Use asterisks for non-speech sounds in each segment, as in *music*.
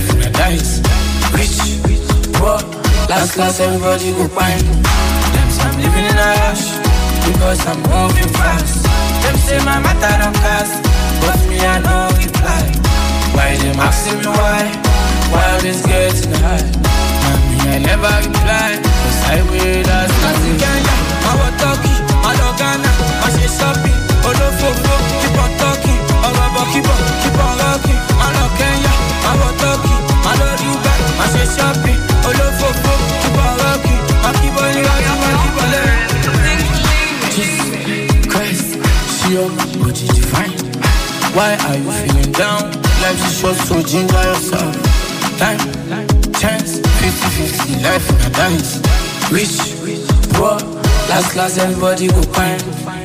life in a dice. Rich, poor, last, last, everybody go find. Them say I'm living in a rush because I'm moving fast. Them say my matter don't cast, but me I know reply. Why them asking me why? Why this getting high? Mommy, I never reply, cause I will ask. I'm in Kenya, i don't I'm I'm shopping, I'm Glass everybody go pine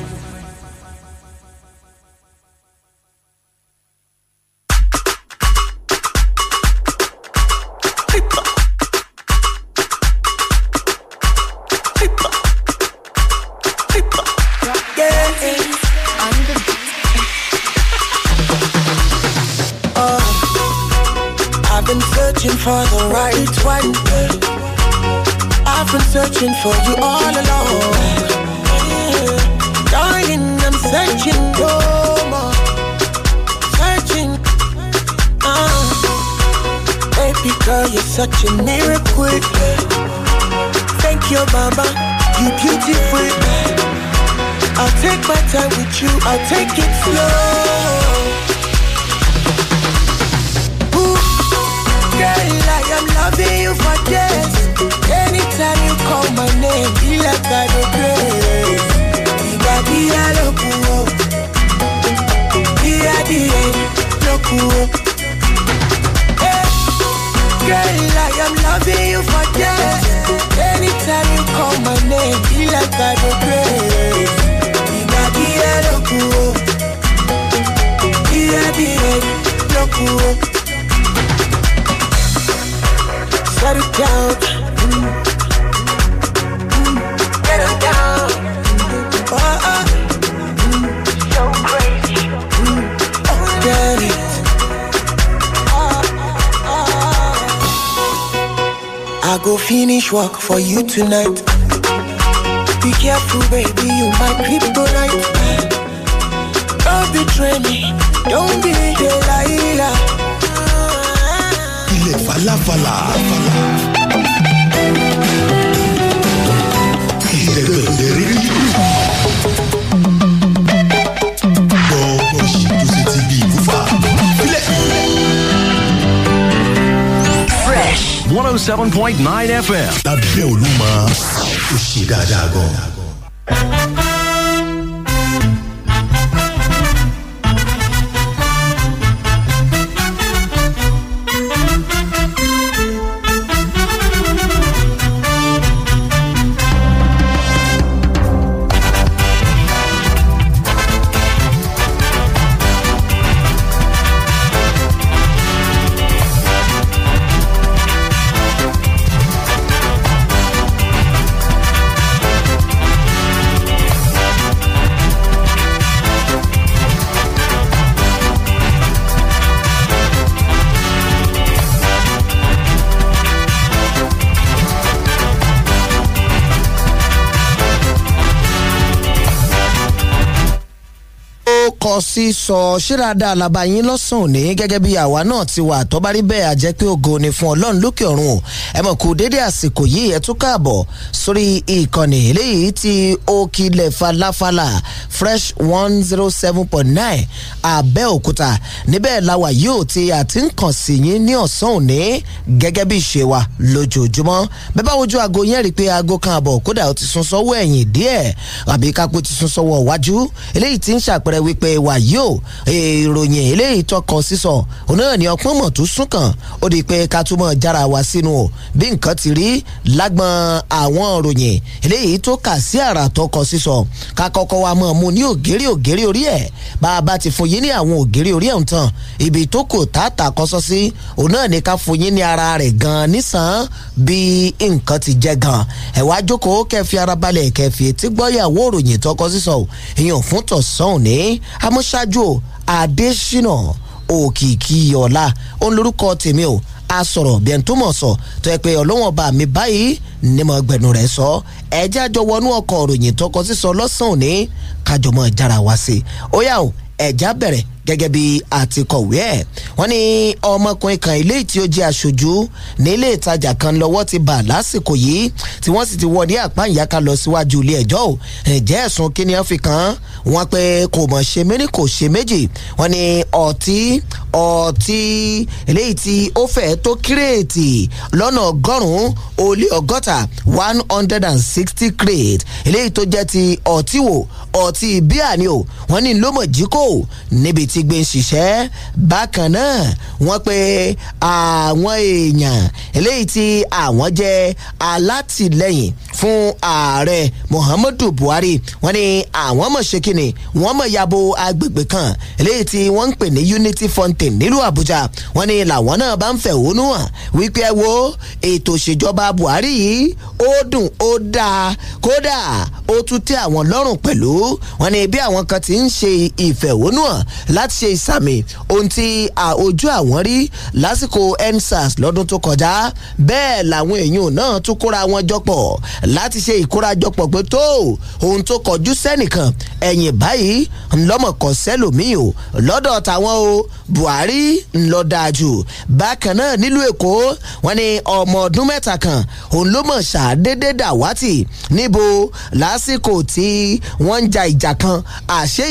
such a miracle. Thank you, Baba, you beautiful. I'll take my time with you, I'll take it slow. Ooh, girl, I am loving you for days. Anytime you call my name, be like I do grace. Dia dia lokuo, dia dia lokuo. Girl, I am loving you for days. Anytime you call my name, feel like I don't grace. Inadia lokuo, inadia lokuo. Shut it down. go finish work for you tonight. Be careful, baby, you might my tonight. Don't betray me, don't be Delilah. Il est falafala. Il est de, de, de, de, de, de, de, de, de, de 107.9 FM. sísọ ṣíradà alaba yín lọ́sàn òní gẹ́gẹ́ bí àwa náà ti wà tọ́bárí bẹ́ẹ̀ àjẹ́ pé ògo ni fún ọlọ́run lókè ọ̀run o ẹ mọ̀ kú dédé àsìkò yìí ẹ tún káàbọ̀ sórí ìkànnì eléyìí ti òkìlẹ̀ falafala fresh one zero seven point nine abẹ́òkúta níbẹ̀ làwà yóò ti àti ń kàn sí yín ní ọ̀sán òní gẹ́gẹ́ bí ìṣe wa lójoojúmọ́ bẹ́ẹ̀ bá wojú aago yẹn rí pé aago kan àbọ̀ kódà ó ti sún sọ́wọ́ ẹ̀yìn díẹ̀ àbí kápó ti sún sọ́wọ́ iwájú eléyìí ti ń ṣàpẹrẹ wípé wà yìí o ìròyìn eléyìí tọkọ sísọ òun náà ni ọpọ́n mọ̀ tó sún kàn ó di pé ká túmọ̀ jára wá sínú o bí nǹkan ti rí lágbọn àwọn ìròyìn eléyìí tó kà sí àrà tọkọ sísọ ká kọ́kọ́ wa mọ̀ mu ní ògèrè ògèrè orí ẹ̀ bá a bá ti fún yín ní àwọn ògèrè orí ẹ̀ ń tàn ibi tó kò tààtà kọ́sọ́ sí òun náà ni ká fún yín ní ara rẹ̀ gan nísàn bí nǹkan ti jẹ́ gan ẹ̀ wá jókòó kẹfì ara balẹ̀ kẹfì etí gbọ́yàwó òròyìn tọkọ sísọ ìyàn ṣáájú o adésínà òkìkíọlá òun lórúkọ tèmi o asọ̀rọ̀ bí ẹni tó mọ̀ sọ tó yẹ pé ọlọ́wọ́n ọba mi báyìí ni mo gbẹ̀nu rẹ̀ sọ ẹ̀jẹ̀ àjọ wọnú ọkọ̀ òròyìn tọkọ sísọ lọ́sàn-án òní kájọmọ́ ìjára wá sí i ó yá o ẹ̀já bẹ̀rẹ̀ gẹ́gẹ́ bí àtikọ̀wé ẹ̀ wọ́n ní ọmọkùnrin kan ilé tí ó jẹ́ aṣojú ní ilé ìtajà kan lọ́wọ́ ti bà lásìkò yìí tí wọ́n sì ti wọ ní àpá ìyáka lọ síwájú ilé ẹjọ́ ò ǹjẹ́ ẹ̀sùn kí ni wọ́n fi kàn án wọ́n pé kò mọ̀ ṣe méjì kò ṣe méjì wọ́n ní ọtí ọtí eléyìí tí ó fẹ́ tó kírèètì lọ́nà ọgọ́rùn-ún ó lé ọgọ́ta one hundred and sixty crate eléyìí tó jẹ́ ti ọtí wò ọtí bíà ni ò wọ́n ní ló mọ̀ jí kò níbi t láti gbé ṣiṣẹ́ bákan náà wọ́n pe àwọn èèyàn eléyìí tí àwọn jẹ́ alátìlẹ́yìn fún ààrẹ Muhammadu Buhari wọ́n ní àwọn mọ̀ ṣe kíni wọ́n mọ̀ yabo agbègbè kan eléyìí tí wọ́n ń pè ní Unity Fountain nílùú Àbújá wọ́n ní làwọn náà bá ń fẹ̀hónú hàn wípé ẹ wo ètò ìṣèjọba Buhari yìí ó dùn ó dáa kódà ó tún tẹ́ àwọn lọ́rùn pẹ̀lú wọ́n ní bí àwọn kan ti ń ṣe ìfẹ̀hónú hàn lá láti ṣe ìsàmì ohun tí ojú àwọn rí lásìkò endsars lọ́dún tó kọjá bẹ́ẹ̀ làwọn èèyàn náà tún kóra wọn jọpọ̀ láti ṣe ìkórajọpọ̀ pé tó ohun tó kọjú sẹ́nìkan ẹ̀yìn báyìí ńlọ́mọ̀kọ́ sẹ́lòmíì o lọ́dọ̀ tàwọn o Buhari ńlọ dáa jù bákan náà nílùú Èkó wọ́n ní ọmọ ọdún mẹ́ta kan òun ló mọ̀ ṣàdédé dàwátì níbo lásìkò tí wọ́n ń ja ìjà kan àṣé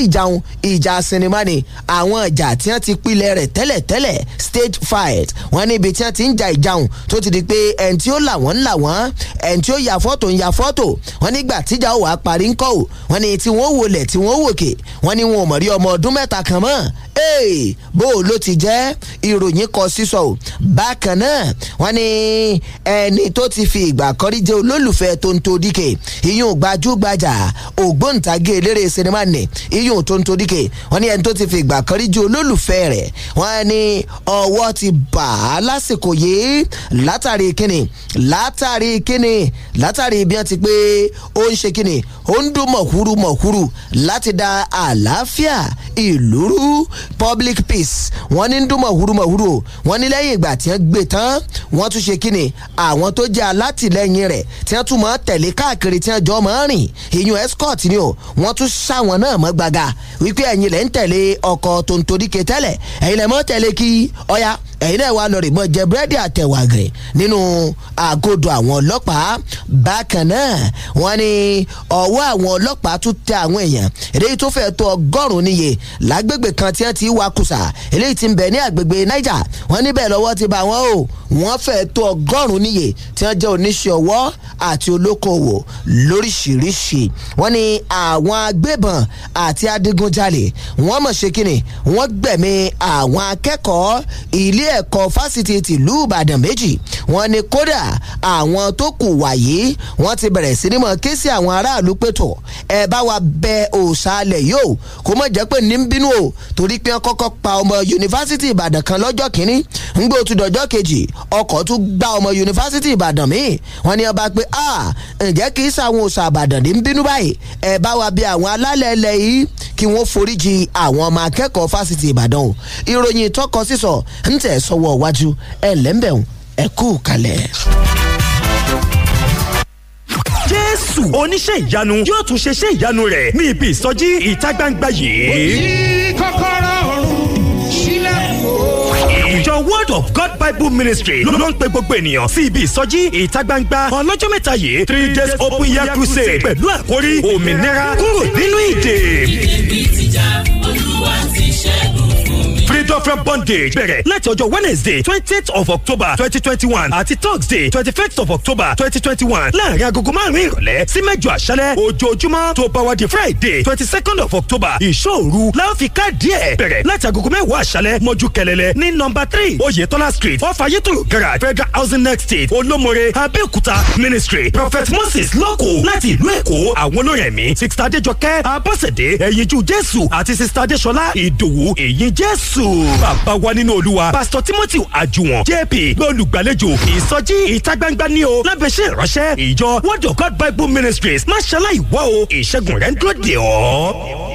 ìjà sinimá ni àwọn ìjà tí wọ́n ti pilẹ̀ rẹ̀ tẹ́lẹ̀tẹ́lẹ̀ stage fight wọ́n níbi tí wọ́n ti ń ja ìjàun tó ti di pé ẹni tí ó là wọ́n ń là wọ́n ẹni tí ó ya fọ́tò ń ya fọ́tò wọ́n nígbà tíjà ó wà á parí ńkọ́ ò wọ́n ní tí wọ́n wòlẹ̀ tí wọ́n wòkè wọ́n ní wọn ò mọ̀ rí ọmọ ọdún mẹ́ta kan mọ́ Hey, bó o ló ti jẹ́ ìròyìn kan sísọ o bákan náà wọ́n ní ẹni tó ti fi ìgbà kọrí jẹ́ olólùfẹ́ Tonto Dike iyún gbajúgbajà ògbóǹtagì eléré sinimá nì iyún Tonto Dike wọ́n ní ẹni tó ti fi ìgbà ìgbà kan rí ju olólùfẹ́ rẹ̀ wọ́n ní ọwọ́ ti bà á lásìkò yìí látàrí kíni látàrí kíni látàrí bí wọ́n ti pé ó ń ṣe kíni ó ń dún mọ̀kúrú mọ̀kúrú láti da àlàáfíà ìlú rú public peace wọ́n ní ń dún mọ̀kúrú mọ̀kúrú wọ́n ní lẹ́yìn ìgbà tí wọ́n gbé tán wọ́n tún ṣe kíni àwọn tó jẹ́ alátìlẹ́yìn rẹ̀ tí wọ́n tún máa tẹ̀lé káàkiri tí wọ́n jọ máa rìn ìyún escort ni o wọ́n tún ṣàwọn náà mọ́ gbaga wípé ẹ̀yin lẹ́ ń tẹ̀lé ọkọ̀ ọkọ̀ tó ń torí ke tẹ́lẹ̀ ẹ̀yin lẹ́mọ́ tẹ̀lé kí ọ̀ya ẹ̀yin náà wà lọ́rẹ̀ mọ́ jẹ búrẹ́dì àtẹ̀wàgìrì nínú àgọ́dọ̀ àwọn ọlọ́pàá bákan náà wọ́n ní ọwọ́ àwọn ọlọ́pàá tún tẹ àwọn èèyàn eléyìí tó fẹ́ẹ́ tó ọgọ́rùn-ún níye lágbègbè kan tí wọ́n ti wá kùsà eléyìí ti ń bẹ ní àgbègbè Niger wọ́n níbẹ̀ lọ́wọ́ ti bá wọn o wọ́n fẹ́ẹ́ tó ọgọ́rùn-ún níye tí wọ́n jẹ́ oníṣẹ́ ọwọ́ àti olókoòwò lóríṣiríṣi wọ́n ní àwọn agbébọn àti adigunjalè wọ́n mọ̀ ṣe kíni wọ́n gbẹ̀mí àwọn akẹ́kọ̀ọ́ ilé ẹ̀kọ́ fásitì tìlú Ìbàdàn méjì wọ́n ní kódà àwọn tó kù wàyí wọ́n ti bẹ̀rẹ̀ sí ni mọ̀ ké sí àwọn aráàlú pẹ̀tọ̀ ẹ bá wa bẹ òòṣàlẹ̀ yóò kó mọ̀ jẹ́ pé ní bínú o torí pé wọ́n kọ́kọ́ pa ọmọ yunifásitì Ìbàdàn kan lọ́jọ́ kínní ńgbó tún dọ̀jọ́ kejì ọkọ̀ tún gbá ọmọ yunifásitì Ìbàdàn míì wọ́n ní ọba pé Ah, ǹjẹ́ kì í sàwọn òòsà àbàdàn ní bínú báyìí ẹ bá wa bí àwọn alálẹ̀ ilẹ̀ yìí kí wọ́n foríjì àwọn ọmọ akẹ́kọ̀ọ́ fásitì ìbàdàn o ìròyìn tọkọ sísọ ń tẹ̀ sọ́wọ́ iwájú ẹ lẹ́ńbẹ̀hún ẹ kú kalẹ̀ jésù oníṣẹ́ ìyanu yóò tún ṣe iṣẹ́ ìyanu rẹ̀ ní ibi ìsọjí ìta gbangba yìí. òyìn kọ́kọ́rọ́ word of god bible ministry ló ń pe gbogbo ènìyàn sí ibi ìsọjí ìta gbangba ọlọ́jọ́ mẹ́ta yìí three days open year crusade pẹ̀lú àkórí òmìnira kúrò nínú ìdè. ìdè bíi ti já freedom from bondage bẹ̀rẹ̀ láti ọjọ́ wednesday twentieth of october twenty twenty one àti thursday twenty-first of october twenty twenty one láàrin agogo márùn-ún ìrọ̀lẹ́ sí mẹ́jọ àṣálẹ́ ojoojúmọ́ tó bá wa di friday twenty-second of october ìṣòru láàfin káàdì ẹ̀ bẹ̀rẹ̀ láti agogo mẹ́wàá àṣálẹ́ mọ́jú kẹlẹ́lẹ́ ní nọmba three oyetola street off ayétòrò garage federal housing next state olómore abẹ́òkúta ministry prophet moses lọ́kọ̀ láti ìlú èkó àwọn olórin ẹ̀mí sista adéjọkẹ́ abọ́sẹ̀dé ẹ̀yinjú jésù àti sista adéṣọlá ìdòwú èyí jésù school. bàbá wa nínú olúwa pásítọ̀ timothy Ajuwon jp lọ́lùgbàlejò ìsọjí ìta gbangba ní o lábẹ́sẹ̀ ìránṣẹ́ ìjọ word of god bible ministries máṣáláì wá o ìṣẹ́gun rẹ̀ ń dúró dè ọ́.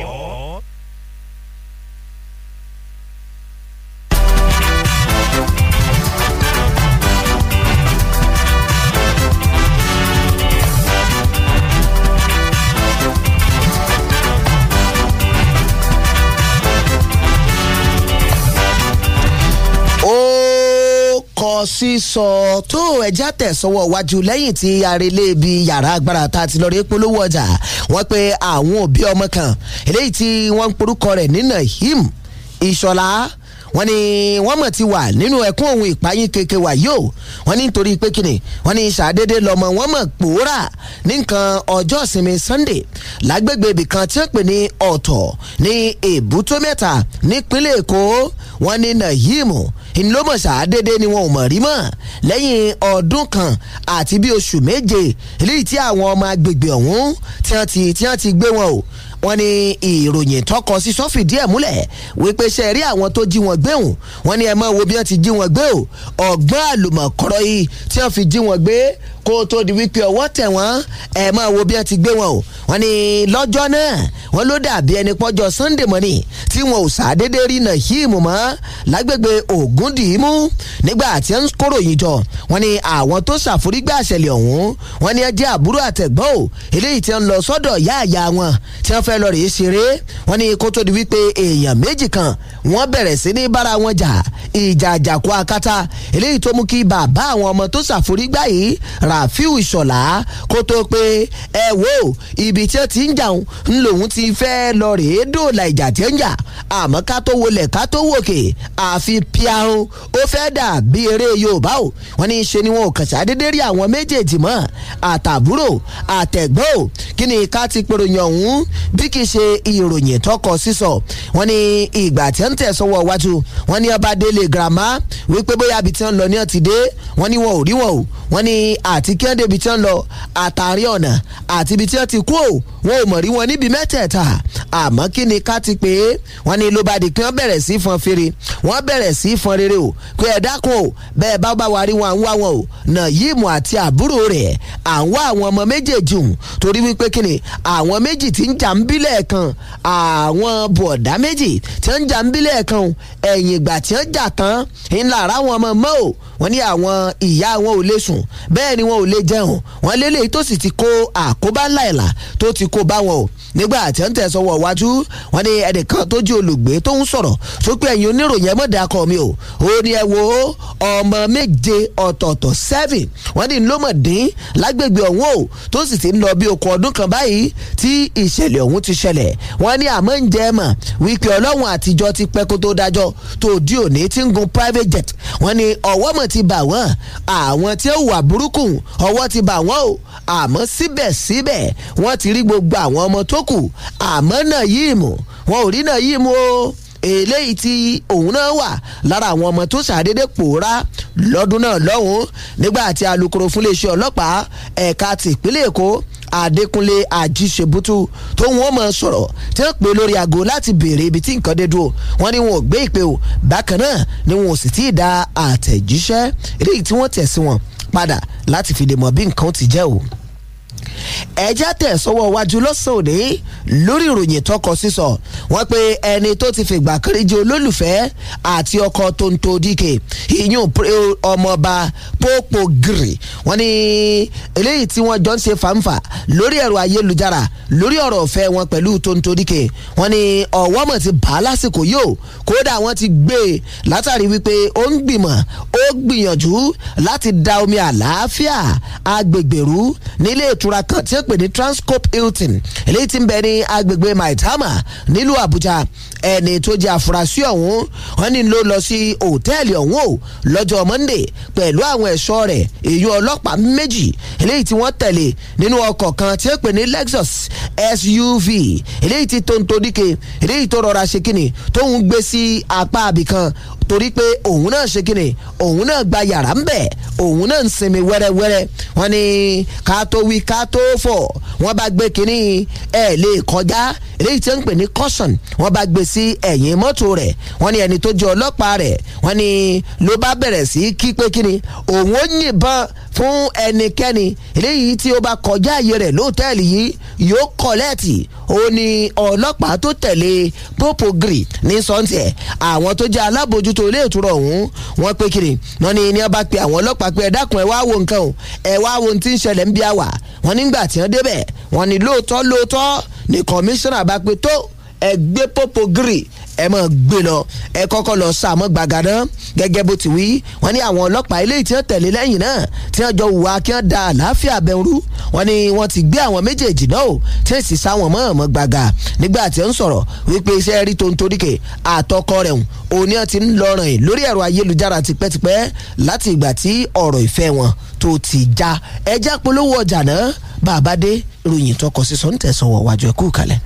sísọ tó ẹjẹ́ àtẹ̀sọ́wọ́ wájú lẹ́yìn tí arẹlẹ́ ibi yàrá agbára ta ti lọ rí polówó ọjà wọ́n pe àwọn òbí ọmọ kan eléyìí tí wọ́n ń porúkọ rẹ̀ nínà yìí ìṣọ̀lá wọ́n ní wọ́n mọ̀ ti wà nínú ẹ̀kún òun ìpayín keke wà yóò wọ́n ní nítorí pé kíni wọ́n ní sàdédé lọ́mọ wọ́n mọ̀ pòórà ní nǹkan ọjọ́ ìsinmi Sunday lágbègbè ibì kan tí ó pè ní ọ̀tọ̀ ní èbútó mẹ́ta nípínlẹ̀ Èkó wọ́n ní nàyíìmù ńlọmọṣà dédé ni wọn ò mọ̀ rí mọ́ lẹ́yìn ọdún kan àti bí oṣù méje eléyìí tí àwọn ọmọ agbègbè ọ̀hún tí wọ́n ti gbé wọn o wọ́n ní ìròyìn tọkọ sísọ fìdí ẹ̀ múlẹ̀ wípé ṣe rí àwọn tó jí wọn gbé hùn wọ́n ní ẹ máa wo bí wọ́n ti jí wọn gbé o ọ̀gbọ́n àlùmọ̀kọ́rọ́ yìí tí wọ́n fi jí wọn gbé kó tó di wípé ọwọ́ tẹ̀ wọ́n ẹ̀ máa wo bí wọ́n ti gbé wọn o wọ́n ní lọ́jọ́ náà wọ́n ló dàbí ẹni pọ́jọ́ Sunday morning tí wọn ò sàdédé rí Nahim mọ́ lágbègbè Ògúndìímú nígbà tí wọ́n ń kóròyìn jọ wọ́n ní àwọn tó ṣàforígbà àṣẹlẹ̀ ọ̀hún wọ́n ní ẹjẹ́ àbúrò àtẹ̀gbọ́n o eléyìí tí wọ́n lọ sọ́dọ̀ yáàyà wọn tí wọ́n fẹ́ lọ rèé ṣeré wọ́n ní kó tó di wípé èèyàn méjì kan wọ́n bẹ̀rẹ̀ sí ní bára wọn jà ìjà àjàkú akátá eléyìí tó mú kí bàbá àwọn ọmọ tó ṣàforígbà yìí rà Rafiu Ìṣọ̀lá kó tó pé ẹ wò ibi tí ó ti ń jàun ń lòun ti fẹ́ lọ rèé dòòlà ìjà tí ó ń jà àmọ́ ká tó wọlé ká tó wòkè àfi piahun ó fẹ́ dà bí eré Yorùbá o wọ́n ní í ṣe ni wọn ò kàṣà dédé rí àwọn méjèèjì mọ́ àtàbúrò àtẹ̀gbọ́n o kí ni ká ti pèròyìn ọ̀hún bí kì í ṣe ìròyìn tọkọ sísọ wọ́n ní ìgbà tí ń tẹ̀sọ́wọ́ wájú wọ́n ní ọba délé girama wípé bóyá ibi tí wọ́n lọ ní ọtí dé wọ́n ní wọn ò rí wọn o wọ́n ní àti àti kí wọ́n débi tí wọ́n lọ àtàrí ọ̀nà àti ibi tí wọ́n ti kú ò wọn ò mọ̀ rí wọn níbi mẹ́tẹ̀ẹ̀ta àmọ́ kí ni ká ti pé wọ́n ní ló bá di pé wọ́n bẹ̀rẹ̀ sí fọn fèrè wọ́n bẹ̀rẹ̀ sí fọn rere o pé ẹ dákun o bẹ́ẹ̀ bá bá wa rí wọn à ń wá wọn o nà yíìmù àti àbúrò rẹ̀ à ń wá àwọn ọmọ méjèèjì hùn torí wípé kí ni àwọn méjì tí ń jà ń bílẹ̀ kan àwọn bọ̀dá méjì tí ń jà ń bílẹ̀ kan ẹ̀yìn ìgbà tí ń jà tán ńlá wọ́n ní àwọn ìyá wọn ò lè sùn bẹ́ẹ̀ ni wọn ò lè jẹun wọ́n lélẹ̀ tó sì ti kó àkóbá ńlá ìlà tó ti kó bá wọn o nígbà tí wọ́n tẹ̀sọ̀wọ̀ wájú wọ́n ní ẹnìkan tó jí olùgbé tó ń sọ̀rọ̀ sópé ẹ̀yin oníròyìn ẹ̀mọ́dà kọ́ mi o ó ní ẹ wo ọmọ méje ọ̀tọ̀ọ̀tọ̀ seven wọ́n ní ńlọ́mọ̀dín lágbègbè ọ̀hún o tó sì ti ń lọ bí okùn ọdún kan báyìí tí ìṣẹ̀lẹ̀ ọ̀hún ti ṣẹlẹ̀ wọ́n ní àmọ́ ń jẹ́ mọ̀ wípé ọlọ́run àtijọ́ ti pẹ́ kó tó dájọ́ tó di òní ti ń gun private jet wọ́n ní ọ̀wọ́ ti bà wọ́n àwọn tí ó wà burúkú ọwọ́ ti bà wọ́n o àmọ́ síbẹ̀síbẹ̀ wọ́n ti rí gbogbo àwọn ọmọ tó kù àmọ́ náà yìí mú wọn ò rí náà yìí mú o eléyìí tí òun náà wà lára àwọn ọmọ tó ṣàdédé pòórá lọ́dún náà lọ́hùn-ún nígbà tí alukoro fúnléeṣẹ́ ọlọ́pàá ẹ̀ka tìpínlẹ̀ Èkó adékúnlé ajíṣebútú tó wọ́n mọ̀ sọ̀rọ̀ tí wọ́n pè lórí aago láti béèrè ibi tí nǹkan dé dúró wọ́n ní wọn ò gbé ìpè o bákan náà ni wọn ò sì tí ì da àtẹ̀jíṣẹ́ eléyìí tí wọ́n tẹ̀ sí wọn padà láti fi lè mọ̀ bí nǹkan ti jẹ́ o ẹjẹ́ tẹ̀ sọ́wọ́ iwájú lọ́sàn òní lórí ìròyìn tọkọ sísọ wọ́n pe ẹni tó ti fìgbà kiri jẹ́ olólùfẹ́ àti ọkọ tonto dike ìyún ọmọọba pópó gírì wọ́n ní eléyìí tí wọ́n jọ ń ṣe fàǹfà lórí ẹ̀rọ ayélujára lórí ọ̀rọ̀ ọ̀fẹ́ wọn pẹ̀lú tonto dike wọ́n ní ọ̀wọ́ mọ̀ ti bá lásìkò yóò kódà wọ́n ti gbé e látàrí wípé ó ń gbìmọ̀ ó gbìyànjú láti da omi àlàáfíà agbègbèrú nílé ìtura kan tí ó pè ní Transcorp Hilton eléyìí tí ń bẹ ní agbègbè Maitama nílùú Àbújá ẹni tó jẹ́ àfúrásì ọ̀hún wọ́n ní ló lọ sí òtẹ́ẹ̀lì ọ̀hún o lọ́jọ́ Monday pẹ̀lú àwọn ẹ̀ṣọ́ rẹ̀ èyí ọlọ́pàá méjì eléyìí tí wọ́n tẹ̀lé nínú ọkọ̀ kan tí ó pè ní Lexus SUV eléyìí tí tó ń todíke eléyìí tó rọra ṣe kíni tó ń gbé sí apá àbìkan torí pé òun náà ṣe kíni òun náà gba yàrá ń bẹ̀ òun náà ń sinmi wẹ́rẹ́wẹ́rẹ́ wọ́n ní ká tó wí ká tó fọ̀ wọ́n bá gbé kíní ẹ̀ lè kọjá eléyìí tí wọ́n ń pè ní caution wọ́n bá gbé sí ẹ̀yìn mọ́tò rẹ̀ wọ́n ní ẹni tó jẹ́ ọlọ́pàá rẹ̀ wọ́n ní ló bá bẹ̀rẹ̀ sí kí pé kíni òun ó yìnbọn fún ẹnikẹ́ni eléyìí tí ó bá kọjá àyè rẹ̀ lóòtẹ́ẹ̀lì yìí yóò kọ̀lẹ́ẹ̀tì ó ní ọlọ́pàá tó tẹ̀lé Popogri ní sọ́ńtì ẹ̀ àwọn tó jẹ́ alábòjútó ilé ìtura ọ̀hún wọ́n pé kiri wọ́n ní ní ọba pé àwọn ọlọ́pàá pé ẹ dákun ẹ wá wo nǹkan o ẹ wá wo ohun tí ń ṣẹlẹ̀ ń bí a wà wọ́n nígbà tí wọ́n débẹ̀ wọ́n ní lóòótọ́ lóòótọ́ ni kọmíṣánná bá pe tó ẹ gbé pópó gírì ẹ mọ̀ gbé lọ ẹ kọ́kọ́ lọ sá àmọ́ gbàgàdá gẹ́gẹ́ bó ti wí wọ́n ní àwọn ọlọ́pàá eléyìí tí wọ́n tẹ̀lé lẹ́yìn náà tí wọ́n jọ hùwà kí wọ́n da àlàáfíà abẹ́rú wọ́n ní wọ́n ti gbé àwọn méjèèjì náà o tí wọ́n sì sá wọn mọ́ ọ̀mọ́ gbàgà nígbà tí wọ́n ń sọ̀rọ̀ wípé iṣẹ́ rí tó ń toríkè àtọkọ rẹ̀ hùn òní ọ̀ ti ń lọ lórí ẹ̀rọ ayélujára tipẹ́tipẹ́ láti ìgbà tí ọ̀rọ̀ ìfẹ́ wọn tó ti já ẹja polówó ọjà náà bàbá dé ròyìn tó kọ sí sọ ń tẹ̀sán wọ̀ wájú ẹ̀kú kalẹ̀.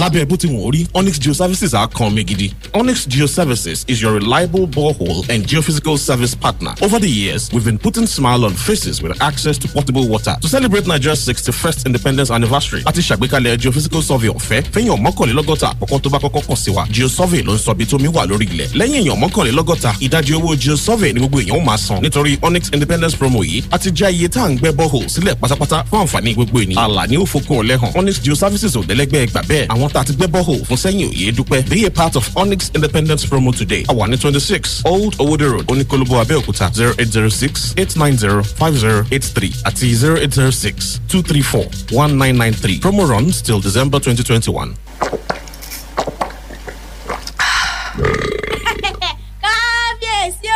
lábẹ́ ẹbú tí wọ́n rí onyx geoservices á kan mi gidi onyx geoservices is your reliable borehole and geophysical service partner over the years we've been putting smile on faces with access to portable water to celebrate nigeria's sixty-first independence anniversary àti ṣàgbékalẹ̀ geophysical survey ọ̀fẹ́ fẹ́yìn ọ̀mọ́kànlélọ́gọ́ta àkọ́kọ́ tó bá kọ́kọ́ kàn sí wa geosurvey ló ń sọ ibi tómi wà lórí ilẹ̀ lẹ́yìn èèyàn ọ̀mọ́kànlélọ́gọ́ta ìdajì owó geosurvey ni gbogbo èèyàn máa san nítorí onyx independence promo yìí àti já iye tá à ń gbẹ́ borehole sílẹ̀ pátápátá fún àǹfààní gbogbo ènìyàn onyx geoservices ò dẹ́lẹ́gbẹ́ gbà àwọn tá a ti gbẹ́ bọ́hò fún sẹ́yìn òye dúpẹ́ be a part of onyx independence promo today àwa ní twenty six old owode road oníkólóbó abẹ́òkúta zero eight zero six eight nine zero five zero eight three àti zero eight zero six two three four one nine nine three promo runs till december twenty twenty one. *laughs* kábíyèsí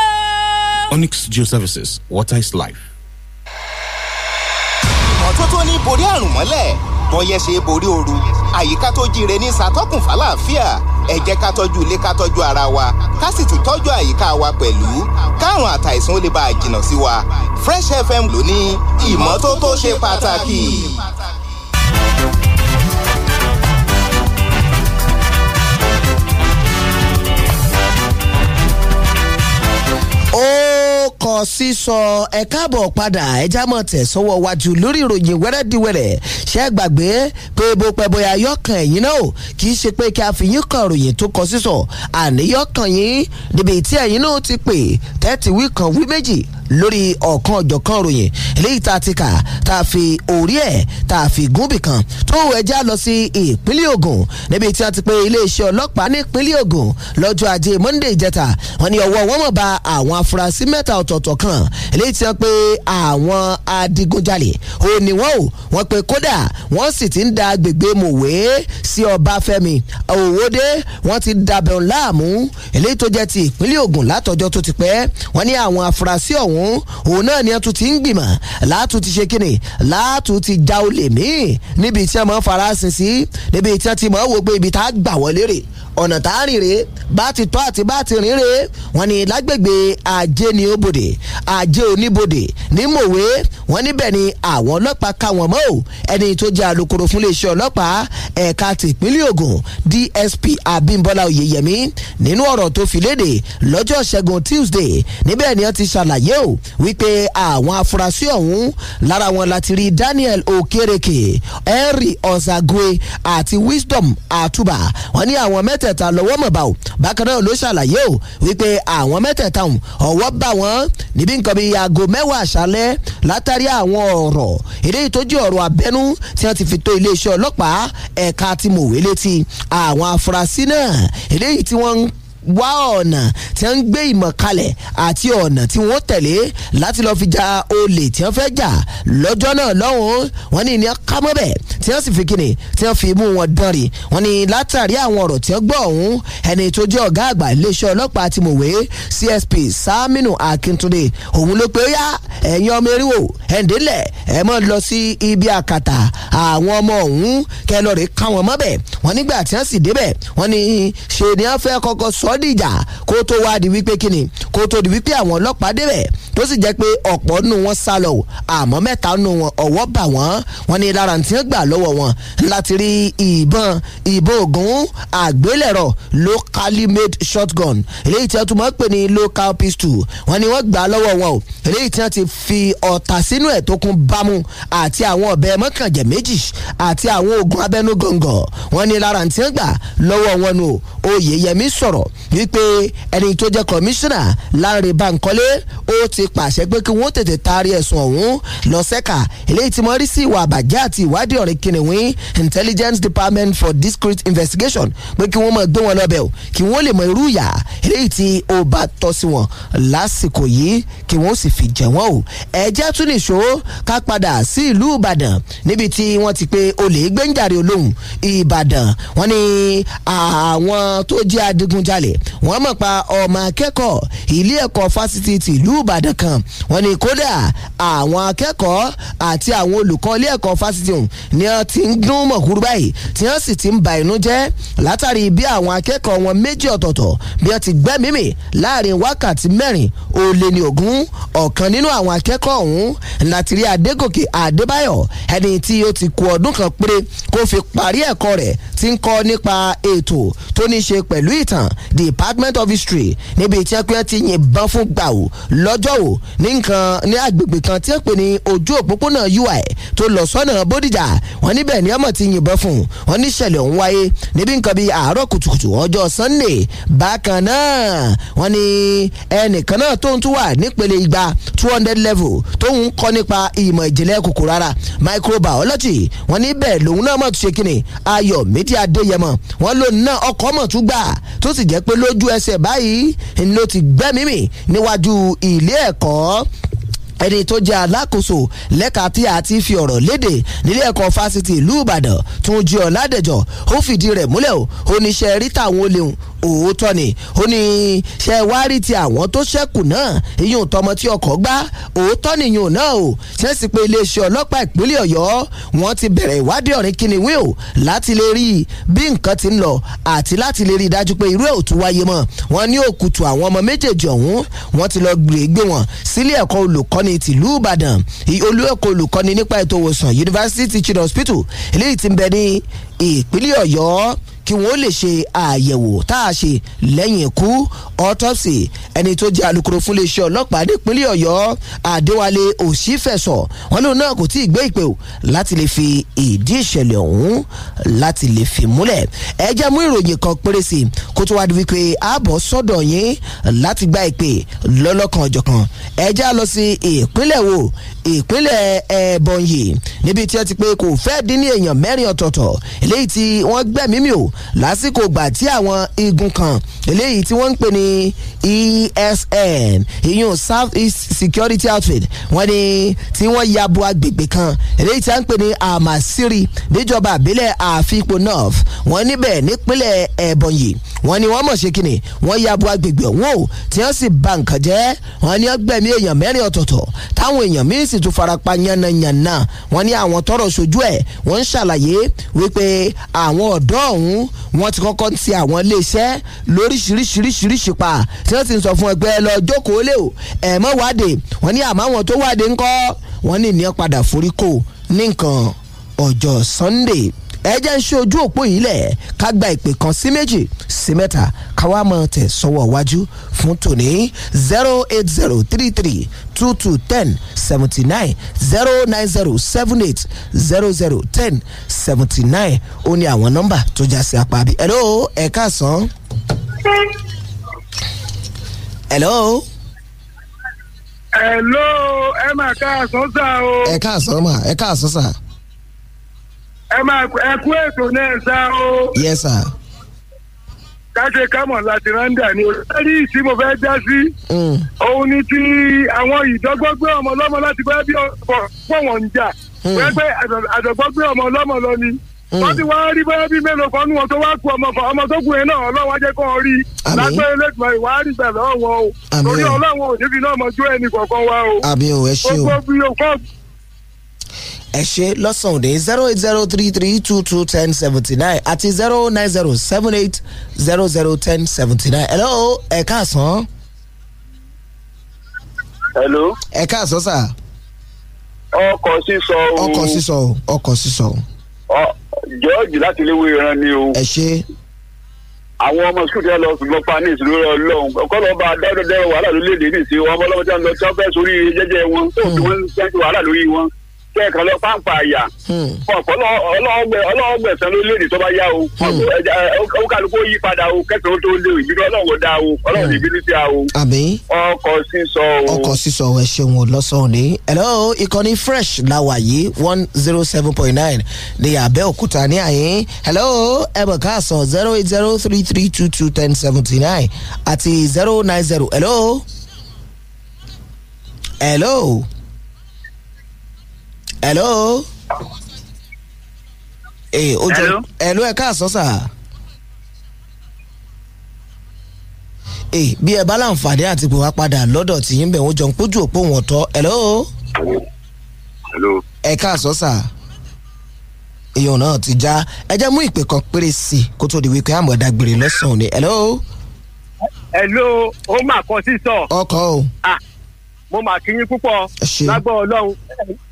o. onyx geoservices water is life. ìmọ́tótó ní borí àrùn mọ́lẹ̀ bọ́yẹ́ borí ooru àyíká tó jíire ní ṣàtọ́kùn fàlàáfíà ẹ ká tọ́jú ilé ká tọ́jú ara wa ká sì tún tọ́jú àyíká wa pẹ̀lú káàrùn àtàìsàn ó lè bá a jìnnà sí wa Fresh FM ló ní ìmọ́tótó ṣe pàtàkì. ó ó kọ sísọ ẹ káàbọ̀ padà ẹja mọ̀ tẹ̀ sọ́wọ́ wájú lórí ìròyìn wẹ́rẹ́díwẹ̀rẹ́ ṣẹ́ gbàgbé pé bó pẹ́ bóyá yọkàn ẹ̀yìn náà kì í ṣe pé kí a fi yín kan ròyìn tó kọ sísọ àníyọkàn yín níbi tí ẹ̀yìn náà ti pè tẹ́tí wí kan wí méjì lórí ọ̀kan ọ̀jọ̀kan ròyìn eléyìí tá a ti kà tá a fi orí ẹ̀ tá a fi gúnbì kan tó ẹja lọ sí ìpínlẹ̀ Ògùn níbi tí a ti pé iléeṣẹ́ ọlọ́pàá nípínlẹ̀ Ògùn lọ́jọ́ ajé Monday ìjẹta wọ́n ní ọwọ́ wọn mọ̀ bá àwọn afurasí mẹ́ta ọ̀tọ̀ọ̀tọ̀ kan eléyìí tí wọ́n pé àwọn adigunjalè ò ní wọ́n ò wọ́n pé kódà wọ́n sì ti ń da agbègbè mòwe sí Ọbáfẹ́mi Òwòdé wọ́n ti dabẹ̀ ńláàmú eléyìí tó jẹ́ ti ìpínlẹ̀ Ògùn látọjọ́ tó ti pẹ́ wọ́n ní àwọn afurasí ọ̀hún ọ̀hún òun náà ni a tún ti ń gbìmọ̀ látún ti ṣe kíni látún ti já olè míì níbi tí a máa farasin sí níbi tí a ti máa wò pé ibi tá a gbà wọlé rè ọ̀nà tá a rìn rè bá ti tọ́ àti bá ti rìn rè wọ́n ní lágbègbè ajé ni ó bòde ajé oníbòde ní mòwe wọ́n níbẹ̀ ni àwọn ọlọ́pàá ká wọn mọ́ ò ẹni tó jẹ́ alukoro fún iléeṣẹ́ ọlọ́pàá ẹ̀ka tìpínlẹ̀ Ògùn DSP abimbola Oyèyẹmí nínú ọ̀rọ̀ tó fi léde lọ́jọ́ ṣẹ́gun Tuesday níbẹ̀ ni wọ́n ti ṣàlàyé o o wípé àwọn afurasí ọ̀hún lára wọn láti rí Daniel Okereke Henry Ọ̀sàgùe àti Wisdom Atuba. wọ́n ní àwọn mẹ́tẹ̀ẹ̀ta lọ́wọ́ mọ̀ bá o bákan náà ló ṣàlàyé o wípé àwọn mẹ́tẹ̀ẹ̀ta ọ̀wọ́ bá wọn níbi nǹkan bíi aago mẹ́wàá àṣálẹ́ látàrí àwọn ọ̀rọ̀ eléyìí tó jẹ́ ọ̀rọ̀ abẹ́nú tí wọ́n ti fi tó iléeṣẹ́ ọlọ́pàá ẹ̀ka ti mọ̀wé létí àwọn afurasí náà eléyìí tí wọ́n ń wá ọ̀nà tí wọ́n ń gbé ìmọ̀ kalẹ̀ àti ọ̀nà tí wọ́n tẹ̀lé láti lọ́ọ́ fi ja olè tí wọ́n fẹ́ jà lọ́jọ́ náà lọ́hùn-ún wọ́n ní ìníyàn ká mọ́ bẹ̀ tí wọ́n sì fi kíni tí wọ́n fi mú wọn dán rí wọ́n ní látàrí àwọn ọ̀rọ̀ tí wọ́n gbọ́ ọ̀hún ẹni tó jẹ́ ọ̀gá àgbà iléeṣẹ́ ọlọ́pàá ti mọ̀wé CSP Saminu Akíntúndé òun ló pe ó yá ẹ̀yin ọmọ eriwo ẹ̀ǹdínlẹ̀ ẹ̀ mọ́ lọ sí ibi àkàtà àwọn ọmọ ọ̀hún kẹlọ́ọ̀rẹ́ káwọn mọ́ wọ́n nígbà tí wọ́n sì débẹ̀ wọ́n ní ṣe ni wọ́n fẹ́ kọ́kọ́ sọ sọ dìjà kó tó wá di wípé kíni kó tó di wípé àwọn ọlọ́pàá débẹ̀ tó sì jẹ́ pé ọ̀pọ̀ nù wọn sá lọ o àmọ́ mẹ́ta nù wọn ọwọ́ bà wọ́n wọn ni lára tí wọ́n gbà lọ́wọ́ wọn láti rí ìbọn ìbò ògùn àgbélẹ̀rọ̀ locally made shotgun eléyìí tí wọ́n tún máa ń pè ní local pistol wọn ni wọ́n gbà lọ́wọ́ wọn o eléyìí tí wọ́n ti fi ọ̀tà sínú ẹ̀ tó kún bámú àti àwọn ọ̀bẹ mọ́kànjẹ̀ méjì àti àwọn oògùn abẹ́nú gọ̀ǹgọ̀ wọn ni lára tí wọ́n gbà lọ́wọ́ wọn nù Oyèyẹmí sọ̀rọ̀ wípé ẹni tó jẹ́ kọmíṣánná Lánrè Bankole ó ti pàṣẹ pé kí wọ́n tètè taari ẹ̀sùn ọ̀hún lọ sẹ́ka eléyìí tí mo rí sí ìwà àbàjẹ́ àti ìwádìí ọ̀rẹ́ kìnìún intelligence department for discreet investigation pé kí wọ́n máa gbé wọn lọ́bẹ̀ o kí wọ́n lè mọ irú ìyà eléyìí tí ó bá tọ́ sí wọn lásìkò yìí kí wọ́n sì fi jẹ wọ́n o ẹ̀jẹ̀ tún nìṣó ká padà sí ìlú ìbàdàn níbi tí wọ́n ti pé olè gbẹ́ńjàre olóhùn ìbàdàn wọ́n ní àwọn tó jẹ́ adigunjalè wọ́n mọ̀ pa ọmọ akẹ́kọ̀ọ́ ilé ẹ̀kọ́ fásitì tìlú ìbàdàn kan wọ́n ní kódà àwọn akẹ́kọ̀ọ́ àti àwọn olùkọ́ ilé ẹ̀kọ́ fásitì ọ̀hún ni wọ́n ti ń dún mọ̀kúrú báyìí tí wọ́n sì ti ń ba inú jẹ́ látàrí bí àwọn akẹ́kọ̀ọ́ wọn méjì ọ̀tọ̀ọ̀tọ̀ bí wọ́n ti gbẹ́mímì láàrin wákàtí mẹ́rin ó lé ní ogún ọ̀kan nínú àwọn akẹ́kọ̀ọ́ ọ̀hún láti rí Adégòkè Adébáyọ̀ ẹni tí ó ti kù ọdún kan péré kó fi parí ẹ̀kọ́ rẹ̀ ti ń kọ́ nípa ètò tó ní ṣe pẹ̀lú ìtàn Department of History níbi tí wọ́n ti yìnbọn fún gbàù lọ́jọ́ o ní nǹkan ní agbègbè kan tí ó pè ní ojú òpópónà ui tó lọ sọ́nà bódìjà wọ́n níbẹ̀ ni ọmọ ti yìnbọn fún wọ́n níṣẹ̀lẹ̀ ọ̀hún wáyé níbi nǹkan bíi àárọ̀ kùtùkùtù ọjọ́ sunday bákan náà wọ́n ní ẹnìkan náà tó ń tún wà nípele igba two hundred level tó ń kọ́ nípa ìmọ̀ ìjìnlẹ̀ kòkòrò ara microbiology wọ́n níbẹ̀ lòun náà mọ̀ tún ṣe kíni ayọ̀ méjì adéyẹmọ wọ́n lòun náà ọkọ̀ mọ̀ tún gbà tó sì jẹ́ pé lójú ẹsẹ̀ báyìí ló ti gbẹ́mímì níwájú ilé ẹ̀ ẹ̀kọ́ ẹni tó jẹ́ alákòóso lẹ́ka tí a ti fi ọ̀rọ̀ léde nílé ẹ̀kọ́ fásitì ìlú ìbàdàn tún jí ọ̀làdẹ̀jọ́ ó fìdí rẹ̀ múlẹ̀ o oníṣẹ́ rí tàwọn olè òótọ́ ni ó ní ṣe wárí ti àwọn tó ṣẹ́kù náà iyùn tọmọ tí ọkọ̀ gbá òótọ́ nìyùn náà o ṣe é sì pé iléeṣẹ́ ọlọ́pàá ìpínlẹ̀ ọ̀yọ́ wọ́n ti bẹ̀rẹ̀ ìwádìí ọ̀rìn kìnìún o láti lè rí bí nǹkan ti ń lọ àti láti lè rí i dájú pé irú ẹ̀ ò tún wáyé mọ́ wọ́n ní òkùtù àwọn ọmọ méjèèjì ọ̀hún wọ́n ti lọ gbé wọn sílé ẹ̀kọ́ olùkọ́ni olùkọ́ni tìlú ìbàdàn olùkọ́ olùkọ́ni nípa ètò ìwòsàn university teaching hospital eléyìí tí ń bẹ ní ìpínlẹ̀ ọ̀yọ́ kí wọ́n lè ṣe àyẹ̀wò tá a ṣe lẹ́yìn ikú autopsy ẹni tó jẹ́ alukoro fún iléeṣẹ́ ọlọ́pàá nípínlẹ̀ ọ̀yọ́ adéwálé òṣìfẹ̀sọ̀ wọn lóun náà kò tí ì gbé ìpè o láti lè fi ìdí ìṣẹ̀lẹ̀ ọ̀hún láti lè fi múlẹ̀ ẹ jẹ́ mú ìròyìn kan péré sí kó tó wá di wípé ààbọ̀ sọ́dọ̀ yín láti gba ìpè lọ́lọ́kan ẹ jẹ́ lọ sí ìpínlẹ̀ wo ìpínlẹ̀ ẹ̀bọ̀nyì níbi tí ẹ ti pé kò fẹ́ dín ní èèyàn mẹ́rin ọ̀tọ̀ọ̀tọ̀ eléyìí tí wọ́n gbẹ̀mí mi ò lásìkò gbà tí àwọn igun kan eléyìí tí wọ́n ń pè ní ESN ìyún South East Security Outfit wọ́n ní tí wọ́n ya bo agbègbè kan eléyìí tí wọ́n ń pè ní Àmàsírí níjọba àbílẹ̀ àfipò North wọ́n níbẹ̀ nípínlẹ̀ ẹ̀bọ̀nyì wọ́n ní wọ́n mọ̀ ṣe kíni wọ́n ya bo agbègbè wọn ò tí wọ́n sì sì tún farapa yánnayànna wọ́n ní àwọn tọrọ sojú ẹ̀ wọ́n ń ṣàlàyé wípé àwọn ọ̀dọ́ ọ̀hún wọ́n ti kọ́kọ́ ti àwọn iléeṣẹ́ lóríṣiríṣiríṣiríṣi pa tí wọ́n ti ń sọ fún ẹgbẹ́ lọ jókòó lé o ẹ mọ́ wádìí wọ́n ní àmọ́ àwọn tó wádìí ńkọ́ wọ́n ní ìníyàn padà forí kò ní nǹkan ọjọ́ Sunday ẹ jẹ́ ń ṣe ojú òpó yìí lẹ̀ ká gba ìpè kan sí méjì sí mẹ́ta káwá mọ̀ tẹ̀ fún tòní zero eight zero three three two two ten seventy nine zero nine zero seven eight zero zero ten seventy nine ó ní àwọn nọ́mbà tó já sí apá bí. hello ẹ káàsán. hello. hello ẹ máa káàsán sá o. ẹ káàsán mà ẹ káàsán sá. ẹ máa ẹ kú ètò náà sá o. yes sir káṣe kámọ̀ láti rándà ni olórí tí mo fẹ́ já sí. Mm. òun ni ti àwọn ìdọ́gbọ́gbé ọmọ ọlọ́mọ láti fẹ́ bí ọ̀pọ̀ pọ̀ wọ́n ń jà pẹ́pẹ́ mm. àdọ̀gbọ́gbé ọmọ ọlọ́mọ lọ ni. Mm. wọ́n ti wá rí bẹ́ẹ̀ bí mélòó kan nù tó wá ku ọmọ fún ọmọ tó kù yẹn náà ọlọ́wọ́ ajẹ́ kọ́ rí i. lápẹ́ rí gbà lọ́wọ́ o. torí ọlọ́wọ́ ẹ ṣe lọ́sàn òde zero eight zero three three two two ten seventy nine àti zero nine zero seven eight zero zero ten seventy nine. hello ẹ káàsán. hello. ẹ káàsán sà. ọkọ̀ sísọ o. ọkọ̀ sísọ o ọkọ̀ sísọ o. jọ́ọ̀jì láti léwu ìran ni o. ẹ ṣe. àwọn ọmọ sukùl tí wọn lọ ṣùgbọ́n pani ìṣòro ọlọ́run ọkọ̀ lọ́ba dáadáa wàhálà lórílẹ̀‐èdè nìṣẹ́ wọn ọmọ ọlọ́mọdé wọn lọ tí wọn fẹ́ sórí jẹ́jẹ́ wọn hmm. tó fi wọn ń sẹ́ńtì wàhálà lórí wọn tẹ́ kan lọ pàǹpà àyà hmm. ọ̀pọ̀ ọlọ́ọ̀gbẹ̀sán lórílẹ̀‐èdè tó bá yá o hmm. ó kálukú yí padà o kẹsàn-án tó lé o ìbínú ọlọ́wọ́ dá o ọlọ́wọ́ hmm. ìbínú tí a o ọkọ̀ sísọ o. ọkọ̀ sísọ ẹ ṣeun lọ́sàn-án ni hello ìkànnì fresh làwà yìí one zero seven point nine ní Abẹ́òkúta ní àyín hello ẹ̀bọ̀ káàsán zero eight zero three three two two ten seventy nine àti zero nine zero hello. hello hello. ee eh, o jọ hello ẹ káàsán sà. ee eh, bí ẹ bá láǹfààní àti pè wá padà lọ́dọ̀ tí yín bẹ̀ wọ́n jọ ń pójú òpó wọn tọ́ hello. hello. ẹ káàsán sà èèyàn náà ti já ẹ jẹ́ mú ìpè kan péré sí i kó tó di wípé àmọ̀ gbèrè lọ́sàn-án ni hello. hello ó mà kọ sísọ. ọkọ o. ah mo mà kí yín púpọ̀ lágbọ́ ọlọ́run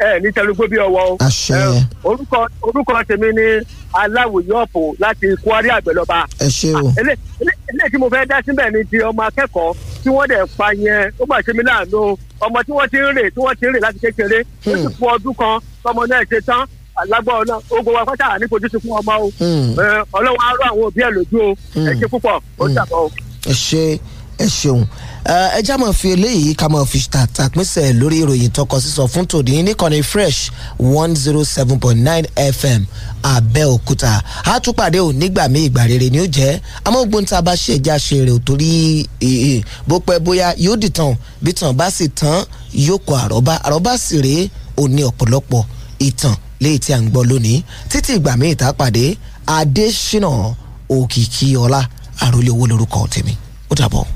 ẹ ní tẹlugbó bí ọwọ́ orúkọ orúkọ tèmi ni aláwòye ọ̀pọ̀ láti kwari àgbẹ̀lọba eléyìí tí mo fẹ́ dá síbẹ̀ ni di ọmọ akẹ́kọ̀ọ́ tí wọ́n dẹ̀ pa yẹn ó mà ṣe láàánú ọmọ tí wọ́n ti ń rè tí wọ́n ti ń rè láti kékeré ó sì fún ọdún kan tọmọ náà ṣe tán alágbọ́ ọlọ́run ogun wa pátá ní fojú sí fún ọmọ o hmm. ọlọ́run á rọ àwọn òbí ẹ̀ lójú o ẹ hmm ẹ ṣeun ẹ já máa fi eléyìí ká máa fi tàpínsẹ̀ lórí ìròyìn tọkọ sísọ fún tòní níkànnì fresh one zero seven point nine fm abẹ́òkúta àtúpàdé ò nígbà mí ìgbà rere ni ó jẹ́ amóhùngbóńtà bá ṣe ẹja ṣe rè ò torí bó pẹ́ bóyá yóò dìtàn bí tàn bá sì tán yóò kọ àrọ́bá àrọ́bá sì rèé ò ní ọ̀pọ̀lọpọ̀ ìtàn léyìí tí a ń gbọ́ lónìí títí ìgbà mí ìta adésínà òkìkí ọlá àròlé owó lórúkọ tèmi ó dàbọ̀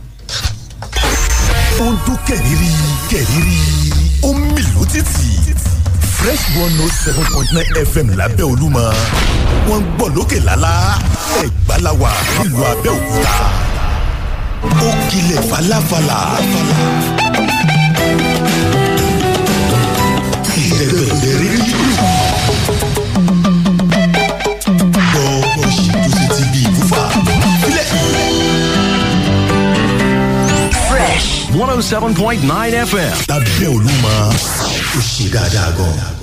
tó ń dún kẹ̀rìírí kẹ̀rìírí ó ń mì lótìtì fresh one note oh seven point nine fm lábẹ́ olúmọ wọ́n ń gbọ́ lókè lálá ẹ̀gbá la wà nílùú abẹ́òkúta ó kilẹ̀ falafala. ilẹ̀ bẹ̀rẹ̀ 107.9 FM. Lábẹ́ Olúmọ, ó ṣe dáadáa gan-an.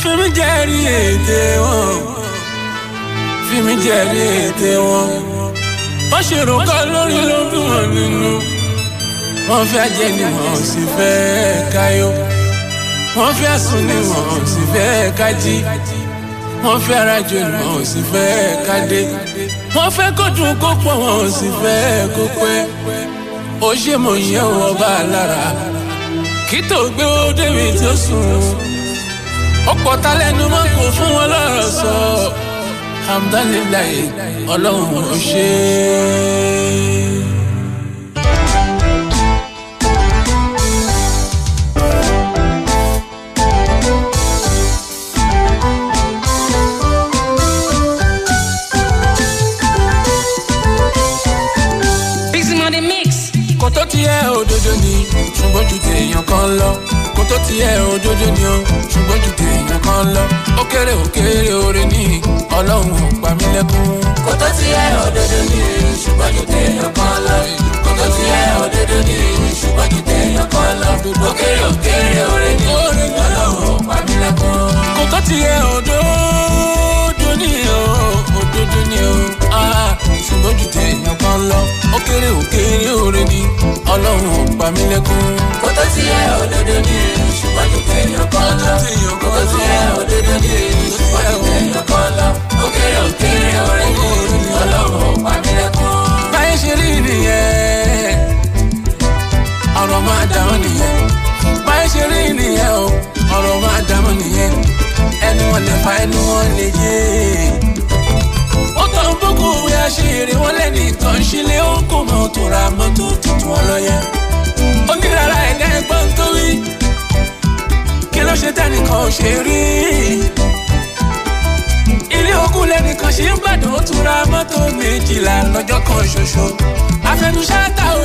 Fimi jẹ́rìí ète wọn. Fimi jẹ́rìí ète wọn. Wọ́n ṣèrò kọ́ lórí ló dùn wọn nínú. Wọ́n fẹ́ jẹ́ ni wọ́n sì fẹ́ káyọ̀ wọ́n fẹ́ sùn ni wọ́n ò sì fẹ́ ká jí wọ́n fẹ́ ara jò ni wọ́n ò sì fẹ́ ká dé wọ́n fẹ́ kó dùn kó pọ̀ wọ́n sì fẹ́ kó pẹ́ ó ṣe mọ̀ yẹn wọ́n bá a lára kí tó gbé ó débi tó sùn ó pọ̀ lẹ́nu mọ́ kó fún wọn lọ́rọ̀ sọ hamdanilayi ọlọ́run ò ṣe é. tiẹ̀ ojoojú ni o ṣùgbọ́n ju tèèyàn kan lọ ó kéré ó kéré oore ní ọlọ́run ò pa mí lẹ́kún. kò tó tiẹ̀ òdodo ni ṣùgbọ́n ju tèèyàn kan lọ kò tó tiẹ̀ òdodo ni ṣùgbọ́n ju tèèyàn kan lọ ó kéré ó kéré oore ní ọlọ́run ò pa mí lẹ́kún. kò tó tiẹ̀ òdodo ni o òdodo ni o ah, ṣùgbọ́n ju tèèyàn kan lọ ó kéré ó kéré oore ní ọlọ́run ò pa mí lẹ́kún. kó tó ti yẹ òdodo ní ṣùgbọ́n kò pé èèyàn kan lọ. kó tó ti yẹ òdodo ní ṣùgbọ́n kò pé èèyàn kan lọ. òkèrè òkèrè ọ̀rẹ́ ni ọlọ́run ò pa mí lẹ́kún. báyìí ṣe rí nìyẹn ọ̀rọ̀ máa dáhùn nìyẹn báyìí ṣe rí nìyẹn o ọ̀rọ̀ máa dáhùn nìyẹn ẹnu wọn lè fa ẹnu wọn lè yé kọ̀wé aṣèrè wọn lẹ́ni ìtàn ṣílẹ̀ ó kò mọ̀ tó ra mọ́tò tuntun ọlọ́yẹ. onírara ẹ̀dá ẹ̀gbọ́n tó wí kí ló ṣe tẹ́nìkan ṣe rí ilé okùn lẹ́nìkan ṣe ń gbàdán ó tún mọ́tò méjìlá lọ́jọ́ kan ṣoṣo àfẹnusá ta orí.